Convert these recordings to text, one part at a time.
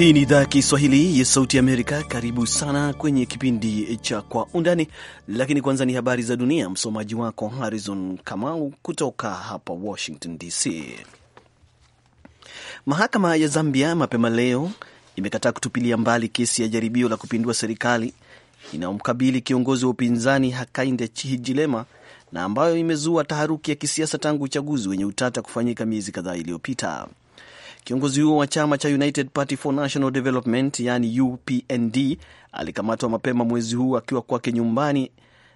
Hii ni idhaa ya Kiswahili ya Sauti Amerika. Karibu sana kwenye kipindi cha Kwa Undani, lakini kwanza ni habari za dunia. Msomaji wako Harrison Kamau kutoka hapa Washington DC. Mahakama ya Zambia mapema leo imekataa kutupilia mbali kesi ya jaribio la kupindua serikali inayomkabili kiongozi wa upinzani Hakainde Hichilema na ambayo imezua taharuki ya kisiasa tangu uchaguzi wenye utata kufanyika miezi kadhaa iliyopita. Kiongozi huo wa chama cha United Party for National Development, yani UPND, alikamatwa mapema mwezi huu akiwa kwake nyumbani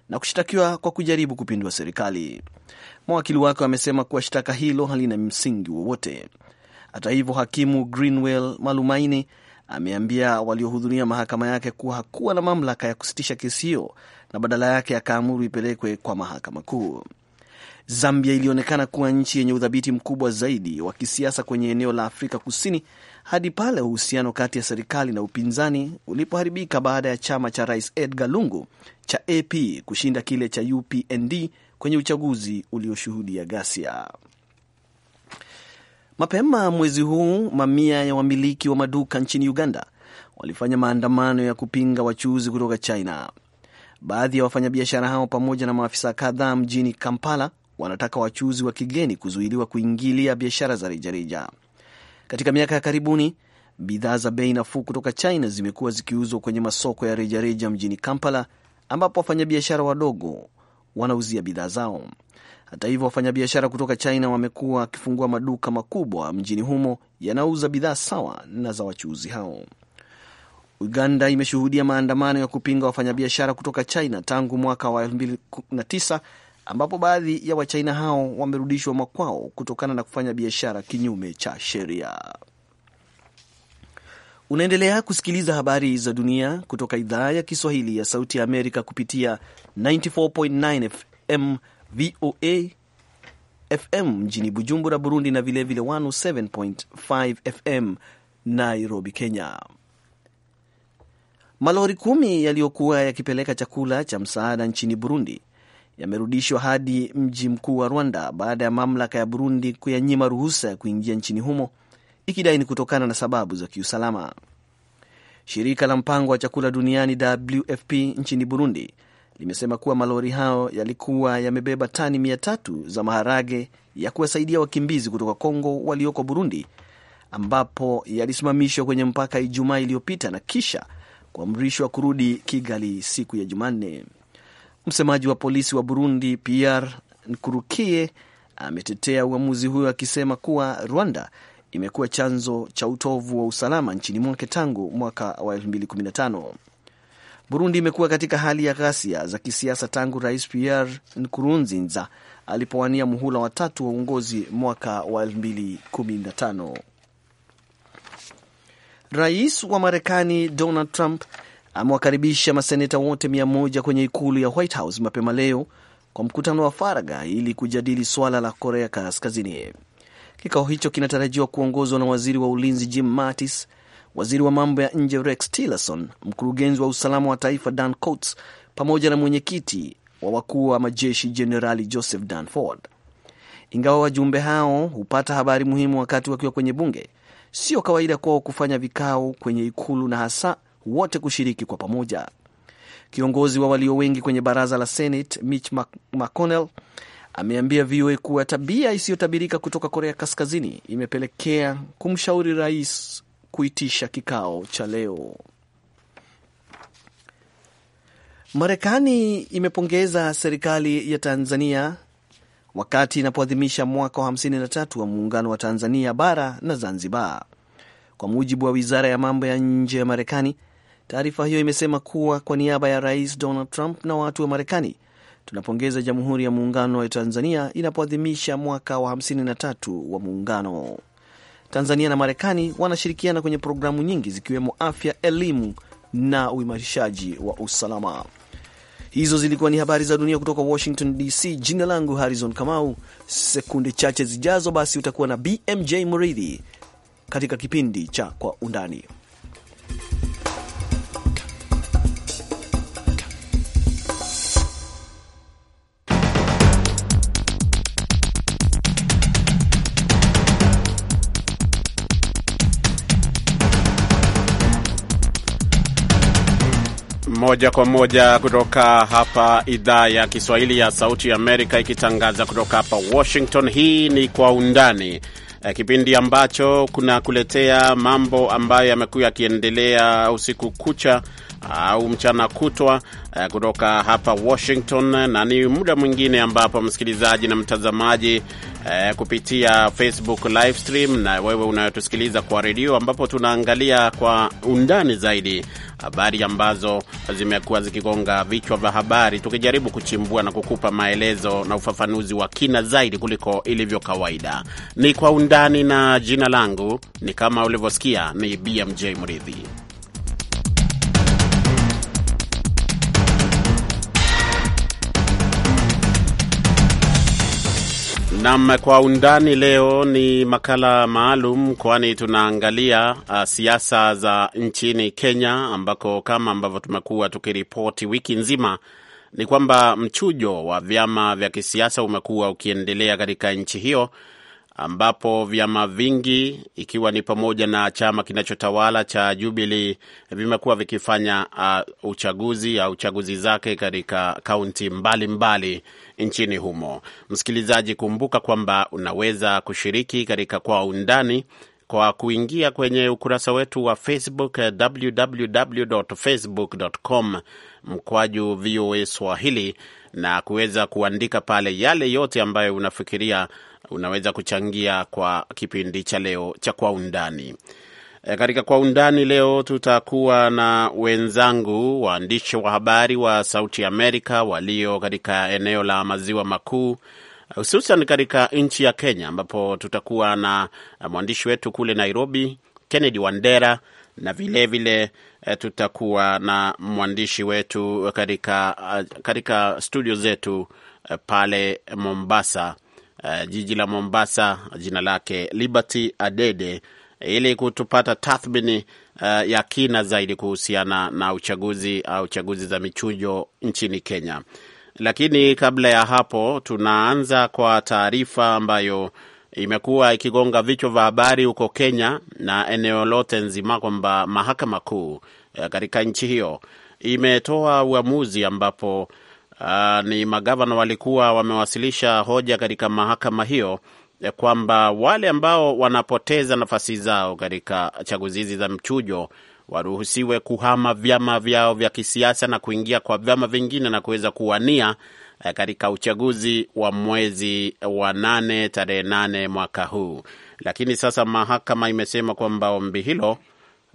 na kushtakiwa kwa kujaribu kupindua serikali. Mawakili wake wamesema kuwa shtaka hilo halina msingi wowote. Hata hivyo, hakimu Greenwell Malumaini ameambia waliohudhuria mahakama yake kuwa hakuwa na mamlaka ya kusitisha kesi hiyo na badala yake akaamuru ipelekwe kwa mahakama kuu. Zambia ilionekana kuwa nchi yenye udhabiti mkubwa zaidi wa kisiasa kwenye eneo la Afrika Kusini hadi pale uhusiano kati ya serikali na upinzani ulipoharibika baada ya chama cha Rais Edgar Lungu cha AP kushinda kile cha UPND kwenye uchaguzi ulioshuhudia ghasia. Mapema mwezi huu, mamia ya wamiliki wa maduka nchini Uganda walifanya maandamano ya kupinga wachuuzi kutoka China. Baadhi ya wafanyabiashara hao pamoja na maafisa kadhaa mjini Kampala wanataka wachuuzi wa kigeni kuzuiliwa kuingilia biashara za rejareja. Katika miaka ya karibuni, bidhaa za bei nafuu kutoka China zimekuwa zikiuzwa kwenye masoko ya rejareja mjini Kampala, ambapo wafanyabiashara wadogo wanauzia bidhaa zao. Hata hivyo, wafanyabiashara kutoka China wamekuwa wakifungua maduka makubwa mjini humo yanauza bidhaa sawa na za wachuuzi hao. Uganda imeshuhudia maandamano ya kupinga wafanyabiashara kutoka China tangu mwaka wa ambapo baadhi ya Wachina hao wamerudishwa makwao kutokana na kufanya biashara kinyume cha sheria. Unaendelea kusikiliza habari za dunia kutoka idhaa ya Kiswahili ya Sauti ya Amerika kupitia 94.9 FM VOA FM mjini Bujumbura, Burundi, na vilevile 107.5 FM Nairobi, Kenya. Malori kumi yaliyokuwa yakipeleka chakula cha msaada nchini Burundi yamerudishwa hadi mji mkuu wa Rwanda baada ya mamlaka ya Burundi kuyanyima ruhusa ya kuingia nchini humo ikidai ni kutokana na sababu za kiusalama. Shirika la mpango wa chakula duniani WFP nchini Burundi limesema kuwa malori hayo yalikuwa yamebeba tani mia tatu za maharage ya kuwasaidia wakimbizi kutoka Kongo walioko Burundi, ambapo yalisimamishwa kwenye mpaka Ijumaa iliyopita na kisha kuamrishwa kurudi Kigali siku ya Jumanne. Msemaji wa polisi wa Burundi Pierre Nkurukie ametetea uamuzi huyo akisema kuwa Rwanda imekuwa chanzo cha utovu wa usalama nchini mwake tangu mwaka wa 2015. Burundi imekuwa katika hali ya ghasia za kisiasa tangu Rais Pierre Nkurunziza alipowania muhula wa tatu wa uongozi mwaka wa 2015. Rais wa Marekani Donald Trump amewakaribisha maseneta wote mia moja kwenye ikulu ya White House mapema leo kwa mkutano wa faraga ili kujadili swala la Korea Kaskazini. Kikao hicho kinatarajiwa kuongozwa na waziri wa ulinzi Jim Mattis, waziri wa mambo ya nje Rex Tillerson, mkurugenzi wa usalama wa taifa Dan Coats pamoja na mwenyekiti wa wakuu wa majeshi Jenerali Joseph Dunford. Ingawa wajumbe hao hupata habari muhimu wakati wakiwa kwenye bunge, sio kawaida kwao kufanya vikao kwenye ikulu na hasa wote kushiriki kwa pamoja. Kiongozi wa walio wengi kwenye baraza la Senate Mitch McConnell ameambia VOA kuwa tabia isiyotabirika kutoka Korea Kaskazini imepelekea kumshauri rais kuitisha kikao cha leo. Marekani imepongeza serikali ya Tanzania wakati inapoadhimisha mwaka wa 53 wa muungano wa Tanzania bara na Zanzibar. Kwa mujibu wa wizara ya mambo ya nje ya Marekani, Taarifa hiyo imesema kuwa kwa niaba ya Rais Donald Trump na watu wa Marekani, tunapongeza Jamhuri ya Muungano wa Tanzania inapoadhimisha mwaka wa 53 wa muungano. Tanzania na Marekani wanashirikiana kwenye programu nyingi zikiwemo afya, elimu na uimarishaji wa usalama. Hizo zilikuwa ni habari za dunia kutoka Washington DC. Jina langu Harrison Kamau. Sekunde chache zijazo, basi utakuwa na BMJ Muridhi katika kipindi cha Kwa Undani. moja kwa moja kutoka hapa idhaa ya Kiswahili ya Sauti Amerika, ikitangaza kutoka hapa Washington. Hii ni Kwa Undani, eh, kipindi ambacho kunakuletea mambo ambayo yamekuwa yakiendelea usiku kucha ah, au mchana kutwa eh, kutoka hapa Washington, na ni muda mwingine ambapo msikilizaji na mtazamaji eh, kupitia Facebook live stream na wewe unayotusikiliza kwa redio, ambapo tunaangalia kwa undani zaidi habari ambazo zimekuwa zikigonga vichwa vya habari, tukijaribu kuchimbua na kukupa maelezo na ufafanuzi wa kina zaidi kuliko ilivyo kawaida. Ni kwa undani, na jina langu ni kama ulivyosikia, ni BMJ Mridhi. Nam kwa undani leo ni makala maalum, kwani tunaangalia uh, siasa za nchini Kenya ambako kama ambavyo tumekuwa tukiripoti wiki nzima ni kwamba mchujo wa vyama vya kisiasa umekuwa ukiendelea katika nchi hiyo ambapo vyama vingi ikiwa ni pamoja na chama kinachotawala cha Jubilee vimekuwa vikifanya uh, uchaguzi au uh, chaguzi zake katika kaunti mbalimbali nchini humo. Msikilizaji, kumbuka kwamba unaweza kushiriki katika kwa undani kwa kuingia kwenye ukurasa wetu wa Facebook uh, www.facebook.com mkwaju VOA Swahili na kuweza kuandika pale yale yote ambayo unafikiria unaweza kuchangia kwa kipindi cha leo cha Kwa Undani. E, katika Kwa Undani leo tutakuwa na wenzangu waandishi wa habari wa Sauti Amerika walio katika eneo la maziwa makuu hususan katika nchi ya Kenya ambapo tutakuwa na mwandishi wetu kule Nairobi Kennedy Wandera na vilevile vile, e, tutakuwa na mwandishi wetu katika, katika studio zetu e, pale Mombasa Eh, jiji la Mombasa, jina lake Liberty Adede, ili kutupata tathmini uh, ya kina zaidi kuhusiana na uchaguzi au chaguzi za michujo nchini Kenya. Lakini kabla ya hapo, tunaanza kwa taarifa ambayo imekuwa ikigonga vichwa vya habari huko Kenya na eneo lote nzima kwamba mahakama kuu eh, katika nchi hiyo imetoa uamuzi ambapo uh, ni magavana walikuwa wamewasilisha hoja katika mahakama hiyo eh, kwamba wale ambao wanapoteza nafasi zao katika chaguzi hizi za mchujo waruhusiwe kuhama vyama vyao vya kisiasa na kuingia kwa vyama vingine na kuweza kuwania eh, katika uchaguzi wa mwezi wa nane tarehe nane mwaka huu. Lakini sasa mahakama imesema kwamba ombi hilo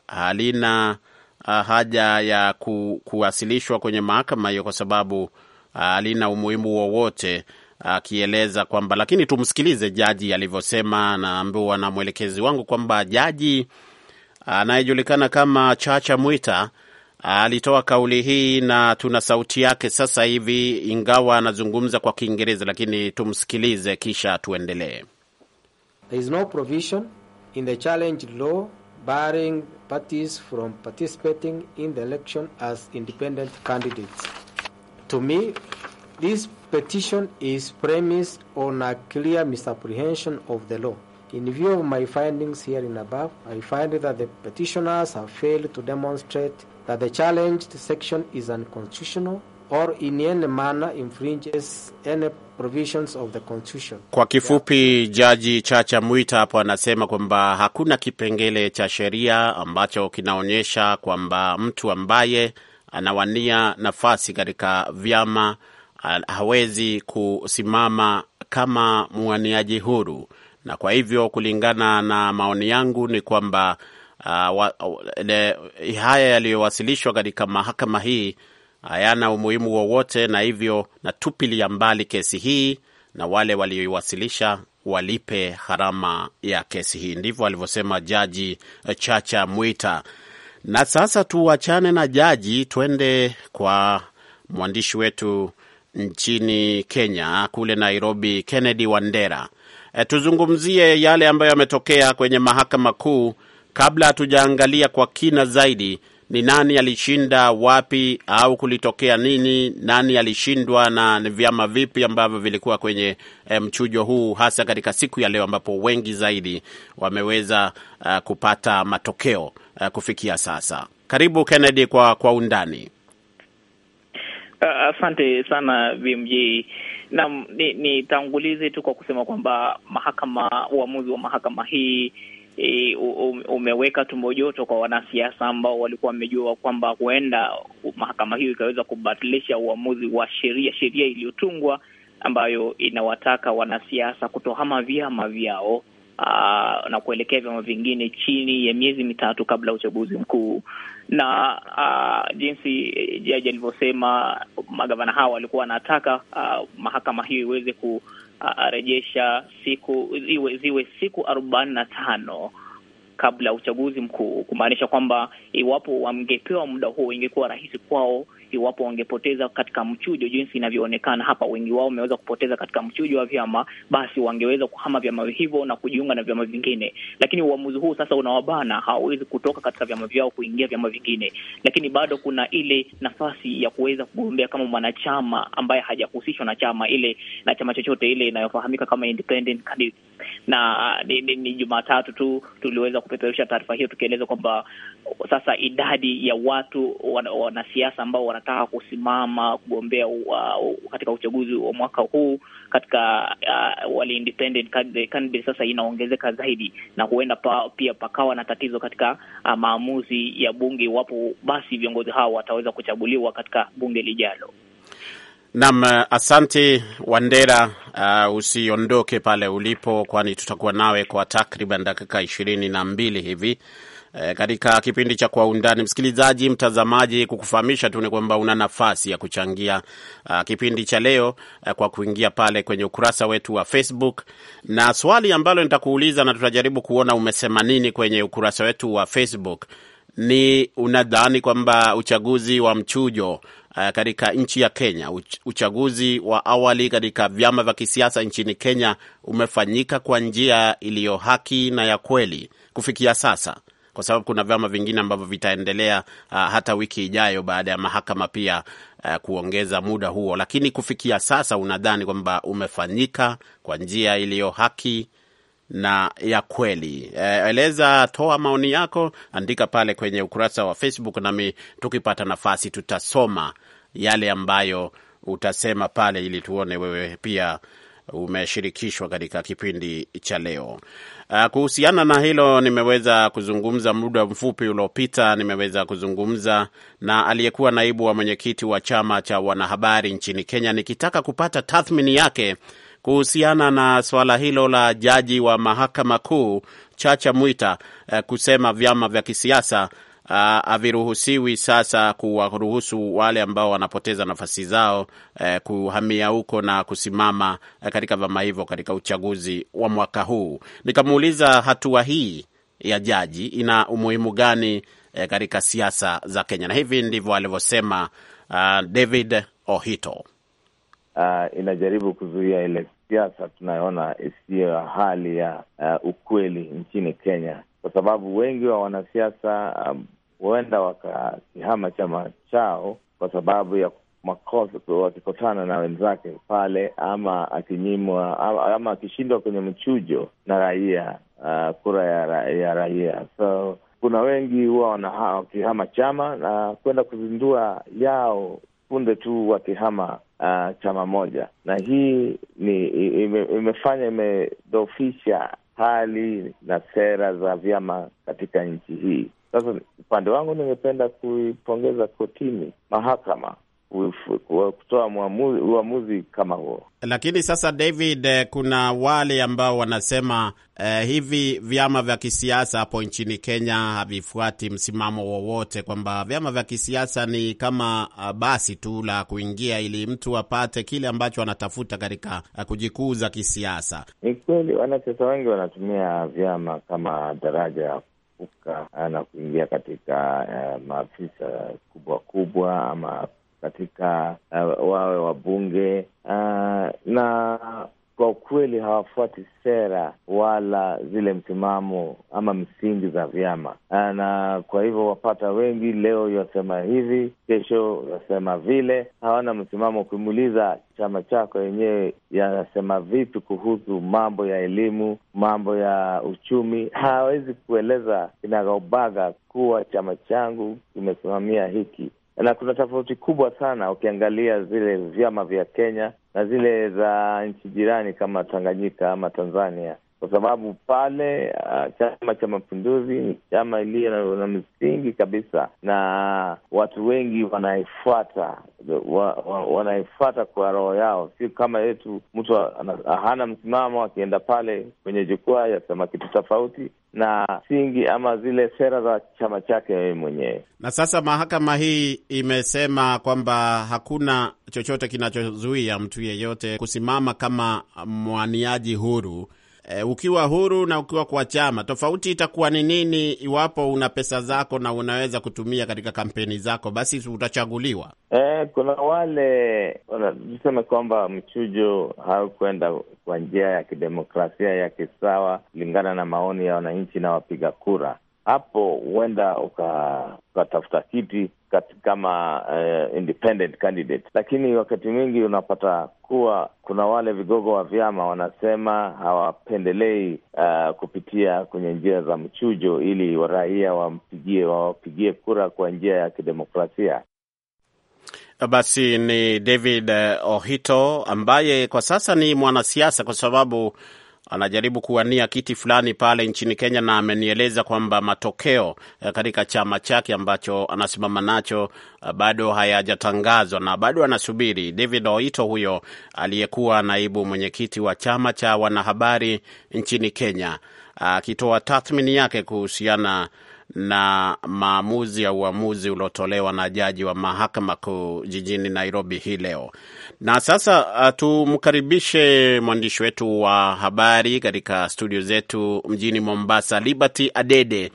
halina ah, haja ya ku, kuwasilishwa kwenye mahakama hiyo kwa sababu Ah, halina umuhimu wowote, akieleza kwamba, lakini tumsikilize jaji alivyosema. Naambiwa na mwelekezi wangu kwamba jaji anayejulikana kama Chacha Mwita ah, alitoa kauli hii na tuna sauti yake sasa hivi, ingawa anazungumza kwa Kiingereza, lakini tumsikilize kisha tuendelee. There is no provision in the challenge law barring parties from participating in the election as independent candidates. To me, this petition is premised on a clear misapprehension of the law. In view of my findings here in above, I find that the petitioners have failed to demonstrate that the challenged section is unconstitutional or in any manner infringes any provisions of the constitution. Kwa kifupi, Jaji Chacha Mwita hapo anasema kwamba hakuna kipengele cha sheria ambacho kinaonyesha kwamba mtu ambaye anawania nafasi katika vyama, hawezi kusimama kama mwaniaji huru, na kwa hivyo kulingana na maoni yangu ni kwamba uh, haya yaliyowasilishwa katika mahakama hii hayana umuhimu wowote, na hivyo natupilia mbali kesi hii na wale walioiwasilisha walipe gharama ya kesi hii. Ndivyo alivyosema Jaji Chacha Mwita. Na sasa tuachane na jaji, twende kwa mwandishi wetu nchini Kenya, kule Nairobi, Kennedy Wandera. E, tuzungumzie yale ambayo yametokea kwenye mahakama kuu. Kabla hatujaangalia kwa kina zaidi ni nani alishinda wapi au kulitokea nini, nani alishindwa na ni vyama vipi ambavyo vilikuwa kwenye e, mchujo huu, hasa katika siku ya leo ambapo wengi zaidi wameweza uh, kupata matokeo uh, kufikia sasa. Karibu Kennedy kwa kwa undani. Uh, asante uh, sana BMJ. Naam, nitangulize ni tu kwa kusema kwamba mahakama, uamuzi wa mahakama hii E, umeweka tumbo joto kwa wanasiasa ambao walikuwa wamejua kwamba huenda mahakama hiyo ikaweza kubatilisha uamuzi wa sheria sheria iliyotungwa ambayo inawataka wanasiasa kutohama vyama vyao uh, na kuelekea vyama vingine chini ya miezi mitatu kabla ya uchaguzi mkuu, na uh, jinsi eh, jaji alivyosema, magavana hawa walikuwa wanataka uh, mahakama hiyo iweze kurejesha uh, siku ziwe, ziwe siku arobaini na tano kabla ya uchaguzi mkuu, kumaanisha kwamba iwapo wangepewa muda huo ingekuwa rahisi kwao iwapo wangepoteza katika mchujo jinsi inavyoonekana hapa, wengi wao wameweza kupoteza katika mchujo wa vyama, basi wangeweza kuhama vyama hivyo na kujiunga na vyama vingine. Lakini uamuzi huu sasa unawabana, hawawezi kutoka katika vyama vyao kuingia vyama vingine, lakini bado kuna ile nafasi ya kuweza kugombea kama mwanachama ambaye hajahusishwa na chama ile na chama chochote ile inayofahamika kama independent candidate. Na ah, ni, ni, ni Jumatatu tu tuliweza kupeperusha taarifa hiyo tukieleza kwamba sasa idadi ya watu wanasiasa ambao wanataka kusimama kugombea uh, katika uchaguzi wa mwaka huu katika uh, wale independent sasa inaongezeka zaidi, na huenda pa, pia pakawa na tatizo katika uh, maamuzi ya bunge iwapo basi viongozi hao wataweza kuchaguliwa katika bunge lijalo. Nam, uh, asante Wandera. Uh, usiondoke pale ulipo, kwani tutakuwa nawe kwa takriban dakika ishirini na mbili hivi. E, katika kipindi cha Kwa Undani, msikilizaji, mtazamaji, kukufahamisha tu ni kwamba una nafasi ya kuchangia a, ah, kipindi cha leo a, eh, kwa kuingia pale kwenye ukurasa wetu wa Facebook, na swali ambalo nitakuuliza na tutajaribu kuona umesema nini kwenye ukurasa wetu wa Facebook ni unadhani kwamba uchaguzi wa mchujo uh, katika nchi ya Kenya, uchaguzi wa awali katika vyama vya kisiasa nchini Kenya umefanyika kwa njia iliyo haki na ya kweli kufikia sasa? kwa sababu kuna vyama vingine ambavyo vitaendelea uh, hata wiki ijayo baada ya mahakama pia uh, kuongeza muda huo. Lakini kufikia sasa, unadhani kwamba umefanyika kwa njia iliyo haki na ya kweli? Uh, eleza, toa maoni yako, andika pale kwenye ukurasa wa Facebook, nami tukipata nafasi tutasoma yale ambayo utasema pale ili tuone wewe pia umeshirikishwa katika kipindi cha leo. Ah, kuhusiana na hilo, nimeweza kuzungumza muda mfupi uliopita, nimeweza kuzungumza na aliyekuwa naibu wa mwenyekiti wa chama cha wanahabari nchini Kenya, nikitaka kupata tathmini yake kuhusiana na swala hilo la jaji wa mahakama kuu Chacha Mwita eh, kusema vyama vya kisiasa Ah, haviruhusiwi sasa kuwaruhusu wale ambao wanapoteza nafasi zao eh, kuhamia huko na kusimama eh, katika vyama hivyo katika uchaguzi wa mwaka huu. Nikamuuliza hatua hii ya jaji ina umuhimu gani eh, katika siasa za Kenya, na hivi ndivyo alivyosema uh, David Ohito. Uh, inajaribu kuzuia ile siasa tunayoona isiyo ya hali ya uh, ukweli nchini Kenya, kwa sababu wengi wa wanasiasa um, huenda wakakihama chama chao kwa sababu ya makosa wakikutana na wenzake pale, ama akinyimwa ama akishindwa kwenye mchujo na raia uh, kura ya, ra, ya raia. So kuna wengi huwa wakihama chama na kwenda kuzindua yao punde tu wakihama uh, chama moja, na hii ni ime, imefanya imedhoofisha hali na sera za vyama katika nchi hii. Sasa upande wangu, ningependa kuipongeza kotini, mahakama kutoa uamuzi, kama huo. Lakini sasa David, eh, kuna wale ambao wanasema eh, hivi vyama vya kisiasa hapo nchini Kenya havifuati msimamo wowote, kwamba vyama vya kisiasa ni kama eh, basi tu la kuingia ili mtu apate kile ambacho anatafuta katika eh, kujikuza kisiasa. Ni kweli, wanasiasa wengi wanatumia vyama kama daraja kuvuka eh, na kuingia katika uh, maafisa kubwa kubwa ama katika uh, wawe wabunge uh, na kwa ukweli hawafuati sera wala zile msimamo ama msingi za vyama, ah, na kwa hivyo wapata wengi leo yasema hivi, kesho yasema vile, hawana msimamo. Ukimuuliza chama chako yenyewe yanasema vipi kuhusu mambo ya elimu, mambo ya uchumi, hawawezi kueleza kinagaubaga kuwa chama changu kimesimamia hiki na kuna tofauti kubwa sana ukiangalia zile vyama vya Kenya na zile za nchi jirani kama Tanganyika ama Tanzania kwa sababu pale uh, Chama cha Mapinduzi ni chama iliyo na msingi kabisa, na watu wengi wanaifuata wa, wa, wanaifuata kwa roho yao, si kama yetu mtu hana msimamo akienda pale kwenye jukwaa yasema kitu tofauti na msingi ama zile sera za chama chake yeye mwenyewe. Na sasa mahakama hii imesema kwamba hakuna chochote kinachozuia mtu yeyote kusimama kama mwaniaji huru e, ukiwa huru na ukiwa kwa chama. Tofauti itakuwa ni nini iwapo una pesa zako na unaweza kutumia katika kampeni zako, basi utachaguliwa? E, kuna wale tuseme kwamba mchujo haukwenda kwa njia ya kidemokrasia ya kisawa kulingana na maoni ya wananchi na wapiga kura hapo huenda ukatafuta kiti kama uh, independent candidate, lakini wakati mwingi unapata kuwa kuna wale vigogo wa vyama wanasema hawapendelei uh, kupitia kwenye njia za mchujo ili waraia wampigie wawapigie kura kwa njia ya kidemokrasia. Basi ni David eh, Ohito ambaye kwa sasa ni mwanasiasa, kwa sababu anajaribu kuwania kiti fulani pale nchini Kenya, na amenieleza kwamba matokeo eh, katika chama chake ambacho anasimama nacho eh, bado hayajatangazwa na bado anasubiri. David Oito huyo aliyekuwa naibu mwenyekiti wa chama cha wanahabari nchini Kenya akitoa tathmini yake kuhusiana na maamuzi ya uamuzi uliotolewa na jaji wa mahakama kuu jijini Nairobi hii leo. Na sasa uh, tumkaribishe mwandishi wetu wa habari katika studio zetu mjini Mombasa, Liberty Adede.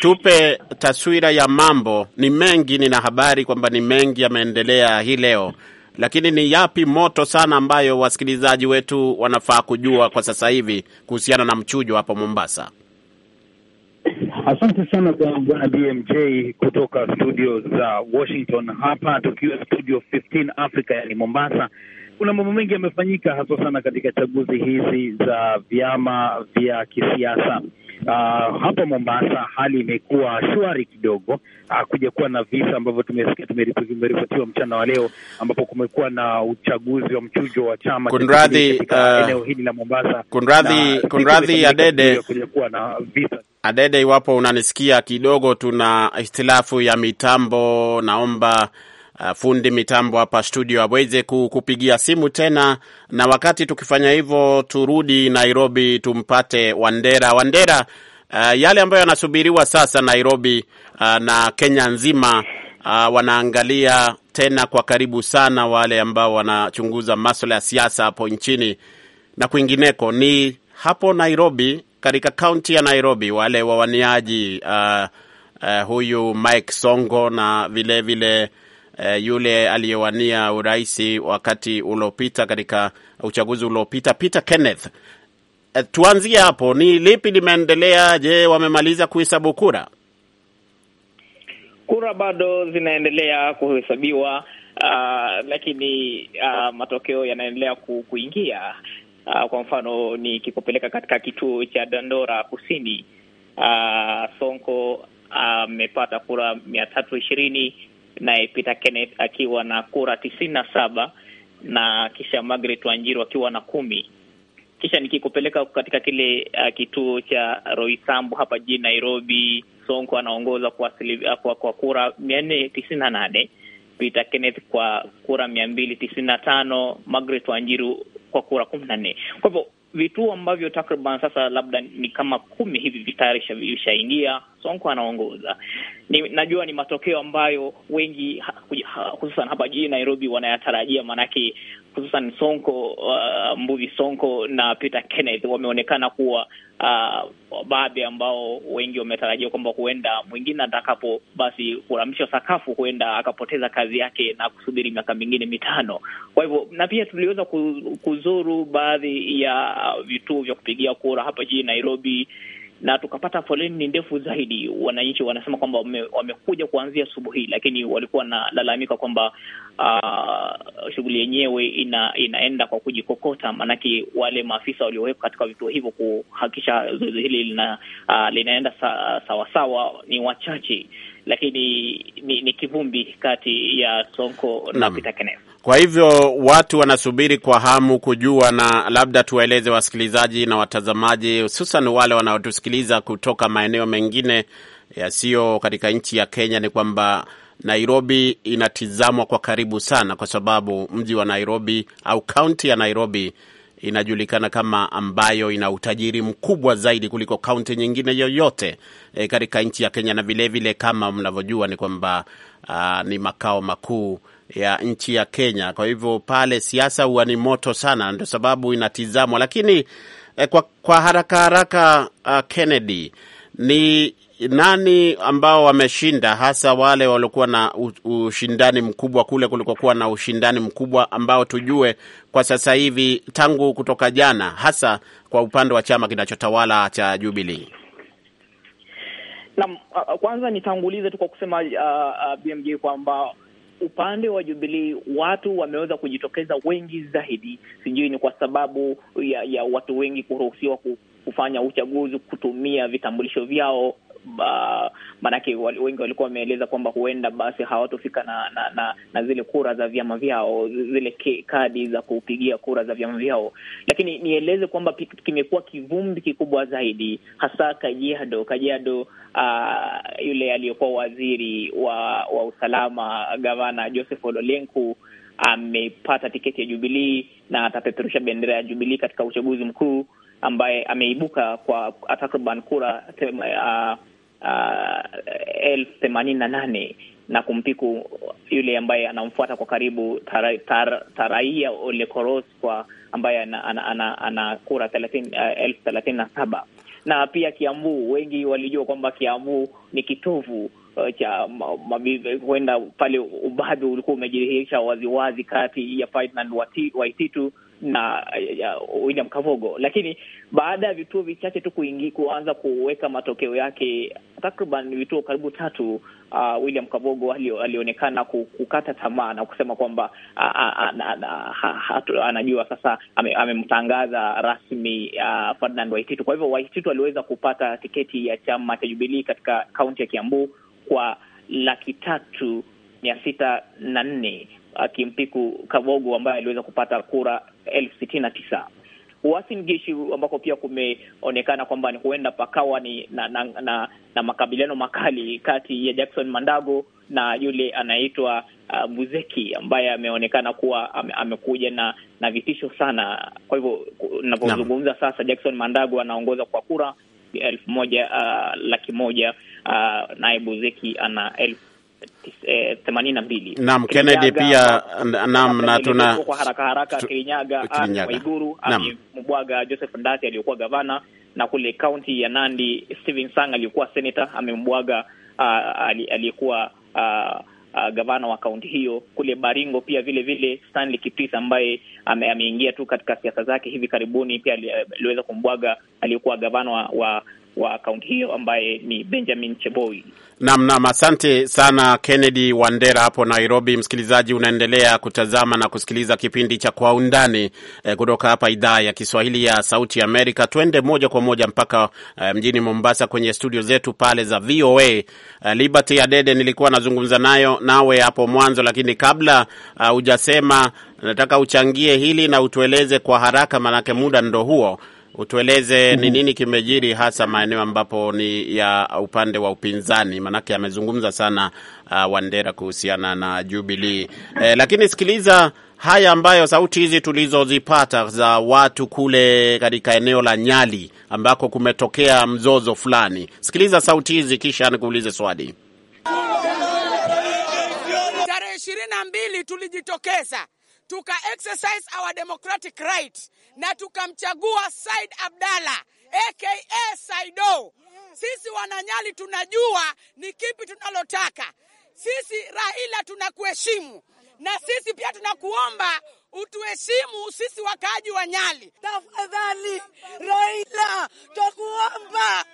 Tupe taswira ya mambo. Ni mengi, nina habari kwamba ni mengi yameendelea hii leo, lakini ni yapi moto sana ambayo wasikilizaji wetu wanafaa kujua kwa sasa hivi kuhusiana na mchujo hapo Mombasa? Asante sana kwa bwana BMJ kutoka studio za Washington. Hapa tukiwa studio 15 Africa, yani Mombasa, kuna mambo mengi yamefanyika, haswa sana katika chaguzi hizi za vyama vya kisiasa. Uh, hapa Mombasa hali imekuwa shwari kidogo. Uh, kuja kuwa na visa ambavyo tumesikia tumeripotiwa mchana wa leo, ambapo kumekuwa na uchaguzi wa mchujo wa chama kunradhi, katika ah, eneo hili la Mombasa. Kunradhi, kunradhi kuja kuwa na visa Adede, iwapo unanisikia kidogo, tuna hitilafu ya mitambo. Naomba uh, fundi mitambo hapa studio aweze kupigia simu tena, na wakati tukifanya hivyo, turudi Nairobi tumpate Wandera. Wandera, uh, yale ambayo yanasubiriwa sasa Nairobi uh, na Kenya nzima uh, wanaangalia tena kwa karibu sana wale ambao wanachunguza maswala ya siasa hapo nchini na kwingineko ni hapo Nairobi katika kaunti ya Nairobi, wale wawaniaji uh, uh, huyu Mike Songo na vilevile vile Uh, yule aliyewania urais wakati uliopita katika uchaguzi uliopita Peter Kenneth. Uh, tuanzie hapo, ni lipi limeendelea? Je, wamemaliza kuhesabu kura? Kura bado zinaendelea kuhesabiwa, uh, lakini uh, matokeo yanaendelea ku, kuingia Uh, kwa mfano nikikupeleka katika kituo cha Dandora Kusini, uh, Sonko amepata uh, kura mia tatu ishirini naye Peter Kenneth akiwa na kura tisini na saba na kisha Margaret Wanjiru akiwa na kumi. Kisha nikikupeleka katika kile uh, kituo cha Roysambu hapa jijini Nairobi, Sonko anaongoza kwa, kwa, kwa kura mia nne tisini na nane Peter Kenneth kwa kura mia mbili tisini na tano Margaret Wanjiru kwa kura kumi na nne. Kwa hivyo vituo ambavyo takriban sasa labda ni kama kumi hivi vitayari vishaingia, Sonko anaongoza. Ni, najua ni matokeo ambayo wengi hususan hapa jijini Nairobi wanayatarajia, maanake hususan Sonko uh, Mbuvi Sonko na Peter Kenneth wameonekana kuwa uh, baadhi ambao wengi wametarajia kwamba huenda mwingine atakapo basi kuramisha sakafu huenda akapoteza kazi yake na kusubiri miaka mingine mitano. Kwa hivyo na pia tuliweza kuzuru baadhi ya vituo vya kupigia kura hapa jijini Nairobi na tukapata foleni ni ndefu zaidi. Wananchi wanasema kwamba wamekuja kuanzia asubuhi, lakini walikuwa wanalalamika kwamba uh, shughuli yenyewe ina, inaenda kwa kujikokota, maanake wale maafisa waliowekwa katika vituo hivyo kuhakikisha zoezi hili lina, uh, linaenda sawasawa sawa, ni wachache lakini ni, ni kivumbi kati ya Sonko na Peter Kenef. Kwa hivyo watu wanasubiri kwa hamu kujua, na labda tuwaeleze wasikilizaji na watazamaji, hususan wale wanaotusikiliza kutoka maeneo mengine yasiyo katika nchi ya Kenya, ni kwamba Nairobi inatizamwa kwa karibu sana, kwa sababu mji wa Nairobi au kaunti ya Nairobi inajulikana kama ambayo ina utajiri mkubwa zaidi kuliko kaunti nyingine yoyote e, katika nchi ya Kenya, na vilevile kama mnavyojua ni kwamba ah, ni makao makuu ya nchi ya Kenya. Kwa hivyo pale siasa huwa ni moto sana, ndio sababu inatizamwa. Lakini e, kwa, kwa haraka haraka uh, Kennedy, ni nani ambao wameshinda, hasa wale waliokuwa na ushindani mkubwa kule kulikokuwa na ushindani mkubwa ambao tujue kwa sasa hivi tangu kutoka jana, hasa kwa upande wa chama kinachotawala cha Jubilee? Naam, kwanza nitangulize tu kwa kusema uh, uh, BMJ kwamba upande wa Jubilee watu wameweza kujitokeza wengi zaidi. Sijui ni kwa sababu ya, ya watu wengi kuruhusiwa kufanya uchaguzi kutumia vitambulisho vyao maanake wengi walikuwa wameeleza kwamba huenda basi hawatofika na, na, na, na zile kura za vyama vyao, zile kadi za kupigia kura za vyama vyao. Lakini nieleze kwamba kimekuwa kivumbi kikubwa zaidi, hasa Kajiado. Kajiado, uh, yule aliyekuwa waziri wa, wa usalama, gavana Joseph Ololenku amepata tiketi ya Jubilii na atapeperusha bendera ya Jubilii katika uchaguzi mkuu ambaye ameibuka kwa takriban kura uh, uh, elfu themanini na nane na kumpiku yule ambaye anamfuata kwa karibu tar, Taraia Ole Koros kwa ambaye ana, ana, ana, ana kura uh, elfu thelathini na saba na pia Kiambu, wengi walijua kwamba Kiambu ni kitovu uh, cha huenda pale ubadhi ulikuwa umejidhihirisha waziwazi kati ya Ferdinand Waititu na uh, William kavogo lakini baada ya vituo vichache tu kuingi, kuanza kuweka matokeo yake, takriban vituo karibu tatu, uh, William kavogo alionekana kukata tamaa na kusema kwamba anajua sasa amemtangaza ame rasmi uh, Ferdinand Waititu. Kwa hivyo Waititu aliweza kupata tiketi ya chama cha Jubilii katika kaunti ya Kiambu kwa laki tatu mia sita na nne akimpiku Kabogo ambaye aliweza kupata kura elfu sitini na tisa uasin mjeshi ambako pia kumeonekana kwamba ni huenda pakawa ni na, na, na, na makabiliano makali kati ya Jackson Mandago na yule anaitwa uh, Buzeki ambaye ameonekana kuwa ame, amekuja na na vitisho sana. Kwa hivyo ninapozungumza sasa, Jackson Mandago anaongoza kwa kura elfu moja uh, laki moja uh, naye Buzeki ana elfu themanini eh, eh, na Naam, Kennedy pia naam, na tuna kwa haraka haraka Kirinyaga, Waiguru, amembwaga Joseph Ndati aliyokuwa gavana, na kule kaunti ya Nandi Steven Sang aliyokuwa senator amembwaga aliyekuwa Uh, gavana wa kaunti hiyo. Kule Baringo pia vile vile Stanley Kiptith ambaye ameingia tu katika siasa zake hivi karibuni pia aliweza kumbwaga aliyekuwa gavana wa, wa wa akaunti hiyo ambaye ni Benjamin Cheboi. namnam asante sana Kennedy Wandera hapo Nairobi. Msikilizaji, unaendelea kutazama na kusikiliza kipindi cha Kwa Undani eh, kutoka hapa idhaa ya Kiswahili ya Sauti Amerika. Twende moja kwa moja mpaka eh, mjini Mombasa kwenye studio zetu pale za VOA. Eh, Liberty Adede nilikuwa nazungumza nayo nawe hapo mwanzo, lakini kabla eh, hujasema uh, nataka uchangie hili na utueleze kwa haraka, maanake muda ndo huo utueleze ni mhm. nini kimejiri hasa maeneo ambapo ni ya upande wa upinzani, manake amezungumza sana uh, Wandera kuhusiana na jubilii eh, lakini sikiliza haya ambayo sauti hizi tulizozipata za watu kule katika eneo la Nyali ambako kumetokea mzozo fulani. Sikiliza sauti hizi kisha nikuulize swali. Tarehe ishirini na mbili tulijitokeza tuka exercise our democratic right na tukamchagua Said Abdalla aka Saido. Sisi wananyali tunajua ni kipi tunalotaka. Sisi Raila tunakuheshimu na sisi pia tunakuomba utuheshimu sisi wakaaji wa Nyali. Tafadhali Raila, twakuomba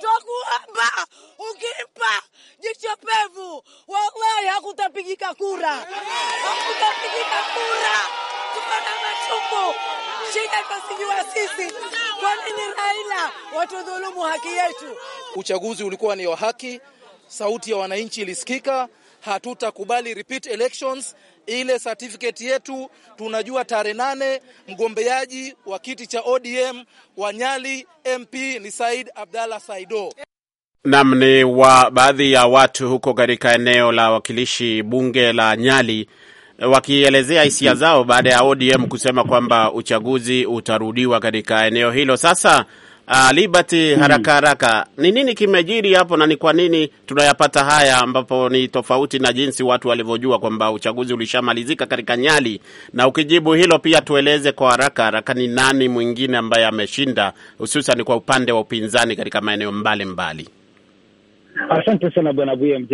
Twakuomba ukimpa jicho pevu, wallahi hakutapigika kura, hakutapigika kura. Tuko na machungu, shida tasijua sisi. Kwa nini Raila watudhulumu haki yetu? Uchaguzi ulikuwa ni wa haki, sauti ya wananchi ilisikika. Hatutakubali repeat elections ile certificate yetu. Tunajua tarehe nane mgombeaji wa kiti cha ODM wa Nyali MP ni Said Abdalla Saido. Nam ni wa baadhi ya watu huko katika eneo la wakilishi bunge la Nyali wakielezea hisia zao baada ya ODM kusema kwamba uchaguzi utarudiwa katika eneo hilo sasa Uh, Liberty, hmm. haraka haraka, ni nini kimejiri hapo na ni kwa nini tunayapata haya ambapo ni tofauti na jinsi watu walivyojua kwamba uchaguzi ulishamalizika katika Nyali? Na ukijibu hilo pia tueleze kwa haraka haraka ni nani mwingine ambaye ameshinda hususan kwa upande wa upinzani katika maeneo mbalimbali. Asante sana bwana BMJ.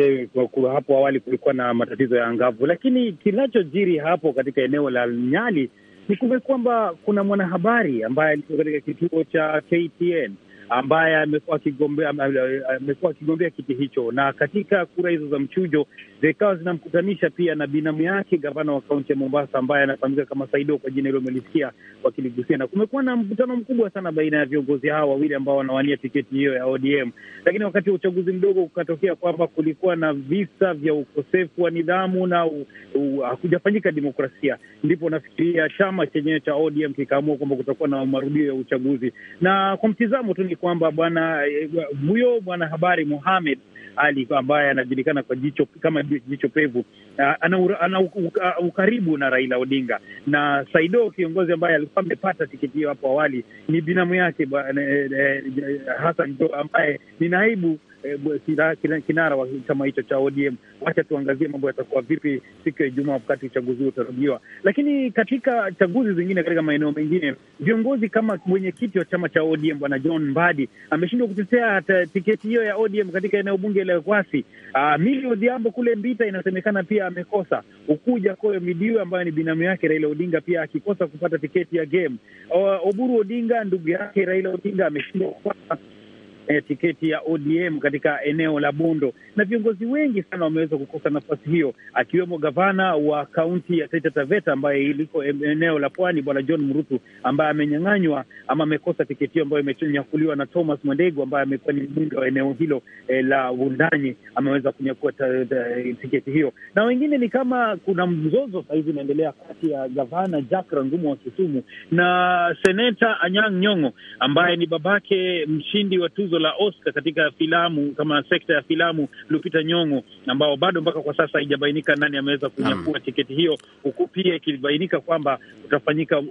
Hapo awali kulikuwa na matatizo ya angavu, lakini kinachojiri hapo katika eneo la Nyali Nikumbuke kwamba kuna mwanahabari ambaye alikuwa katika kituo cha KTN ambaye amekuwa akigombea kiti hicho, na katika kura hizo za mchujo zikawa zinamkutanisha pia na binamu yake gavana wa kaunti ya Mombasa ambaye anafahamika kama Saido, kwa jina hilo umelisikia wakiligusia, na kumekuwa na mkutano mkubwa sana baina ya viongozi hawa wawili ambao wanawania tiketi hiyo ya ODM. Lakini wakati wa uchaguzi mdogo ukatokea kwamba kulikuwa na visa vya ukosefu wa nidhamu na hakujafanyika demokrasia, ndipo nafikiria chama chenyewe cha ODM kikaamua kwamba kutakuwa na marudio ya uchaguzi. Na kwa mtizamo tu ni kwamba bwana eh, huyo mwanahabari muhamed Ali ambaye anajulikana kwa jicho kama jicho pevu ana, ana, ukaribu na Raila Odinga na Saido, kiongozi ambaye alikuwa amepata tiketi hiyo hapo awali, ni binamu yake eh, eh, eh, Hassan ambaye ni naibu Eh, kinara wa chama hicho cha ODM. Wacha tuangazie mambo yatakuwa vipi siku ya Ijumaa wakati uchaguzi huu utarajiwa. Lakini katika chaguzi zingine, katika maeneo mengine, viongozi kama mwenyekiti wa chama cha ODM Bwana John Mbadi ameshindwa kutetea hata tiketi hiyo ya ODM katika eneo bunge la Kwasi. Ah, Milly Odhiambo kule Mbita inasemekana pia amekosa. Ukuja Koyo Midiwe ambayo ni binamu yake Raila Odinga pia akikosa kupata tiketi ya game. Oburu Odinga ndugu yake Raila Odinga ameshindwa kupata eh, tiketi ya ODM katika eneo la Bondo, na viongozi wengi sana wameweza kukosa nafasi hiyo, akiwemo gavana wa kaunti ya Taita Taveta ambaye iliko eneo la Pwani, Bwana John Mrutu ambaye amenyang'anywa ama amekosa tiketi hiyo ambayo imenyakuliwa na Thomas Mwandegu ambaye amekuwa ni mbunge wa eneo hilo eh, la Wundanyi, ameweza kunyakua tiketi hiyo, na wengine ni kama kuna mzozo sahizi unaendelea kati ya gavana Jack Rangumu wa Kisumu na seneta Anyang' Nyong'o ambaye ni babake mshindi wa tuzo tuzo la Oscar katika filamu kama sekta ya filamu Lupita Nyong'o, ambao bado mpaka kwa sasa haijabainika nani ameweza kunyakua hmm. tiketi hiyo, huku pia ikibainika kwamba utafanyika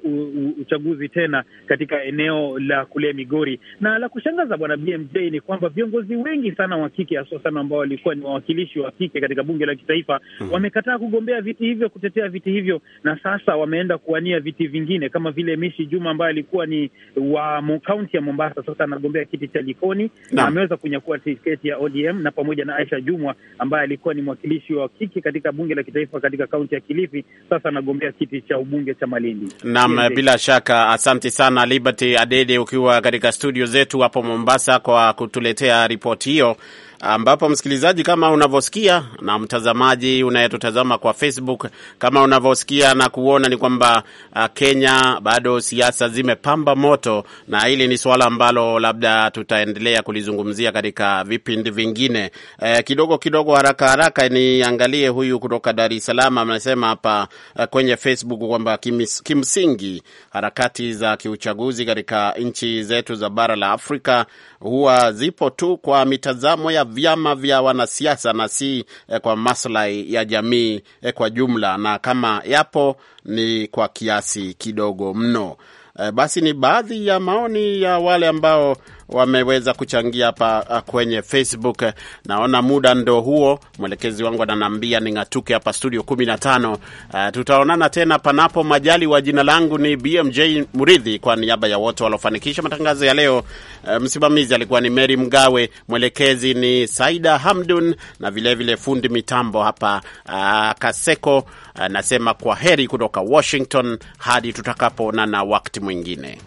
uchaguzi tena katika eneo la kule Migori. Na la kushangaza, bwana BMJ, ni kwamba viongozi wengi sana wa kike hasa sana ambao walikuwa ni wawakilishi wa kike katika bunge la kitaifa mm, wamekataa kugombea viti hivyo, kutetea viti hivyo, na sasa wameenda kuwania viti vingine kama vile Mishi Juma ambaye alikuwa ni wa kaunti ya Mombasa, sasa anagombea kiti cha Likoni. Kigamboni na, na ameweza kunyakua tiketi ya ODM na pamoja na Aisha Jumwa ambaye alikuwa ni mwakilishi wa kike katika bunge la kitaifa katika kaunti ya Kilifi, sasa anagombea kiti cha ubunge cha Malindi. Naam, bila shaka asante sana Liberty Adede ukiwa katika studio zetu hapo Mombasa kwa kutuletea ripoti hiyo ambapo msikilizaji, kama unavyosikia na mtazamaji unayetutazama kwa Facebook, kama unavyosikia na kuona ni kwamba uh, Kenya bado siasa zimepamba moto, na hili ni suala ambalo labda tutaendelea kulizungumzia katika vipindi vingine. E, kidogo kidogo, haraka haraka, niangalie huyu kutoka Dar es Salaam amesema hapa eh, kwenye Facebook kwamba kimsingi harakati za kiuchaguzi katika nchi zetu za bara la Afrika huwa zipo tu kwa mitazamo ya vyama vya wanasiasa na si eh, kwa maslahi ya jamii eh, kwa jumla, na kama yapo ni kwa kiasi kidogo mno. Eh, basi ni baadhi ya maoni ya wale ambao wameweza kuchangia hapa eh, kwenye Facebook. Naona muda ndo huo, mwelekezi wangu ananiambia ning'atuke hapa studio 15. Uh, eh, tutaonana tena panapo majali wa Jina langu ni BMJ Muridhi, kwa niaba ya wote waliofanikisha matangazo ya leo. Uh, msimamizi alikuwa ni Mary Mgawe, mwelekezi ni Saida Hamdun, na vilevile vile fundi mitambo hapa uh, Kaseko Nasema kwa heri kutoka Washington hadi tutakapoonana wakati mwingine.